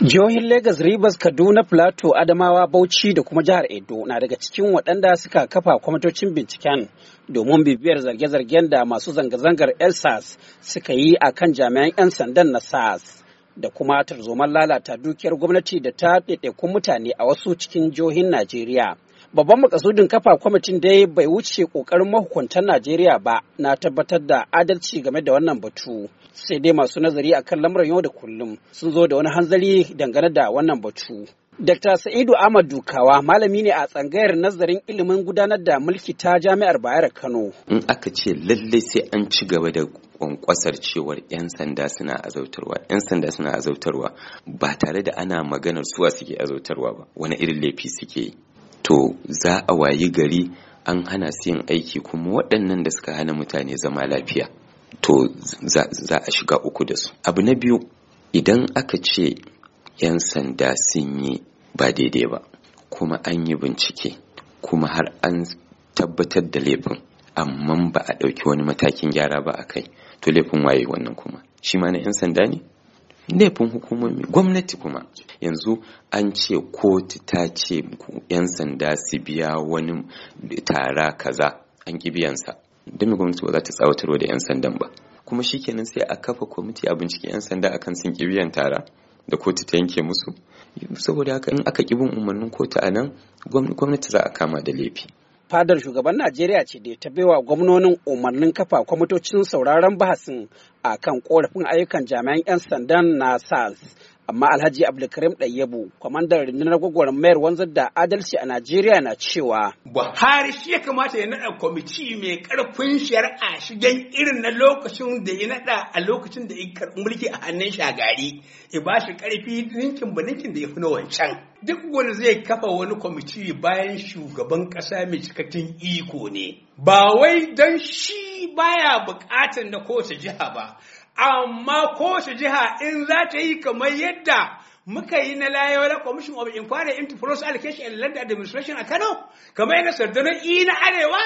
Jihohin Legas, Rivers, Kaduna, Plateau, Adamawa, Bauchi da kuma jihar Edo na daga cikin waɗanda suka kafa kwamitocin binciken domin bibiyar zarge-zargen da masu zanga-zangar elsas suka yi a kan jami'an 'yan sandan na SAS da kuma tarzoman lalata dukiyar gwamnati da ta ɗaiɗaikun mutane a wasu cikin jihohin Najeriya. Babban makasudin kafa kwamitin dai bai wuce kokarin mahukuntar Najeriya ba na tabbatar da adalci game da wannan batu. Sai dai masu nazari akan lamuran yau da kullum sun zo da wani hanzari dangane da wannan batu. Dr. Sa'idu Ahmad Dukawa malami ne a tsangayar nazarin ilimin gudanar da mulki ta Jami'ar Bayero Kano. In aka ce lallai sai an ci gaba da kwankwasar cewar 'yan sanda suna azautarwa, 'yan sanda suna azautarwa ba tare da ana maganar suwa suke azautarwa ba, wani irin laifi suke yi. to za a wayi gari an hana su yin aiki kuma waɗannan da suka hana mutane zama lafiya to za a shiga uku da su abu na biyu idan aka ce 'yan sanda sun yi ba daidai ba kuma an yi bincike kuma har an tabbatar da laifin amma ba a ɗauki wani matakin gyara ba a kai to laifin waye wannan kuma shi ma na 'yan sanda ne laifin hukumomi gwamnati kuma yanzu an ce kotu ta ce 'yan sanda su biya wani tara kaza an ƙi biyansa don gwamnati ba za ta tsawatarwa da 'yan sandan ba kuma shi kenan sai a kafa kwamiti a bincike 'yan sanda akan sun ƙi biyan tara da kotu ta yanke musu saboda haka in aka ƙi bin umarnin kotu a nan gwamnati za a kama da laifi fadar shugaban najeriya ce da ta baiwa gwamnonin umarnin kafa kwamitocin sauraron bahasin a kan korafin ayyukan jami'an 'yan sandan na sars amma alhaji abdulkarim Ɗayyabu, kwamandan rundunar mayar wanzar da adalci a najeriya na cewa buhari shi ya kamata ya naɗa kwamiti mai ƙarfin shari'a shigen irin na lokacin da ya naɗa a lokacin da ya karɓi mulki a hannun shagari ya ba shi ƙarfi ninkin ba ninkin da ya fi na wancan duk wani zai kafa wani kwamiti bayan shugaban ƙasa mai cikakken iko ne ba wai don shi baya buƙatar na kowace jiha ba amma kowace jiha in za ta yi kamar yadda muka yi na layewa commission of inquiry into force allocation and land administration a Kano kamar yadda sardunan i e na arewa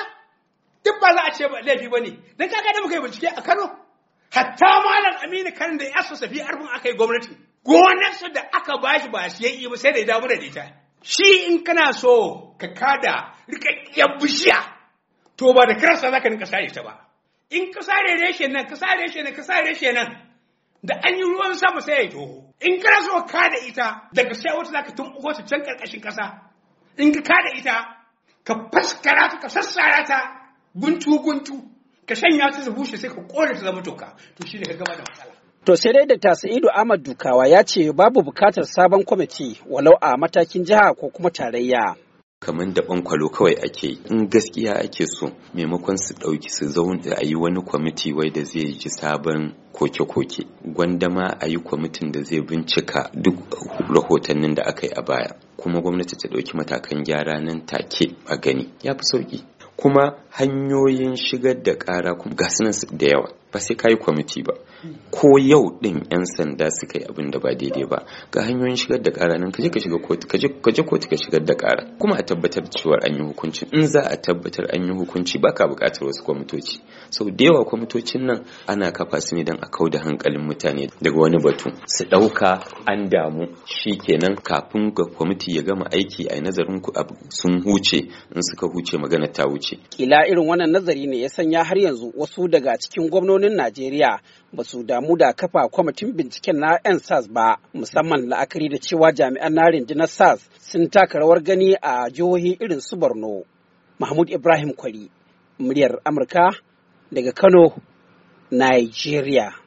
duk ba za a ce laifi ba ne don kaga da muka yi bincike a Kano hatta malam Aminu kan da ya su safi arfin aka yi gwamnati gonarsa da aka ba shi ba shi yi ba sai da ya damu da ita shi in kana so ka kada rikakkiyar bishiya to ba da kirasa ka rinka ita ta ba in ka sare reshen nan ka sare reshen nan ka sare reshen nan da an yi ruwan sama sai ya toho in ka so ka da ita daga sai wata zaka tumbuko ta can karkashin kasa in ka ka da ita ka faskara ta ka sassara ta guntu guntu ka shanya ta bushe sai ka kore ta zama toka to shine ka gama da matsala To sai dai da tasa'idu Ahmad Dukawa ya ce babu bukatar sabon kwamiti walau a matakin jiha ko kuma tarayya. kamar da bankwalo kawai ake in gaskiya ake so maimakon su ɗauki su zaune a yi wani kwamiti wai da zai ji sabon koke-koke gwandama a yi kwamitin da zai bincika duk rahotannin da aka yi a baya kuma gwamnati ta ɗauki matakan gyara nan take a gani ya fi sauƙi kuma hanyoyin shigar da ƙara kuma ga da yawa ba sai ka yi kwamiti ba ko yau din yan sanda suka yi abin da ba daidai ba ga hanyoyin shigar da kara nan kaje ka shiga kotu kaje kotu ka shigar da kara kuma a tabbatar cewa an yi hukunci in za a tabbatar an yi hukunci baka buƙatar wasu kwamitoci sau da yawa kwamitocin nan ana kafa su ne don a kau da hankalin mutane daga wani batu su ɗauka an damu shi kenan kafin ga kwamiti ya gama aiki a nazarin ku sun huce in suka huce magana ta wuce kila irin wannan nazari ne ya sanya har yanzu wasu daga cikin gwamnoni gwamnonin Najeriya ba su damu da kafa kwamitin binciken na 'yan SARS ba, musamman la'akari da cewa jami'an na rundunar SARS sun taka rawar gani a jihohi irin su Borno. Mahmud Ibrahim Kwari, muryar Amurka daga Kano, Nigeria.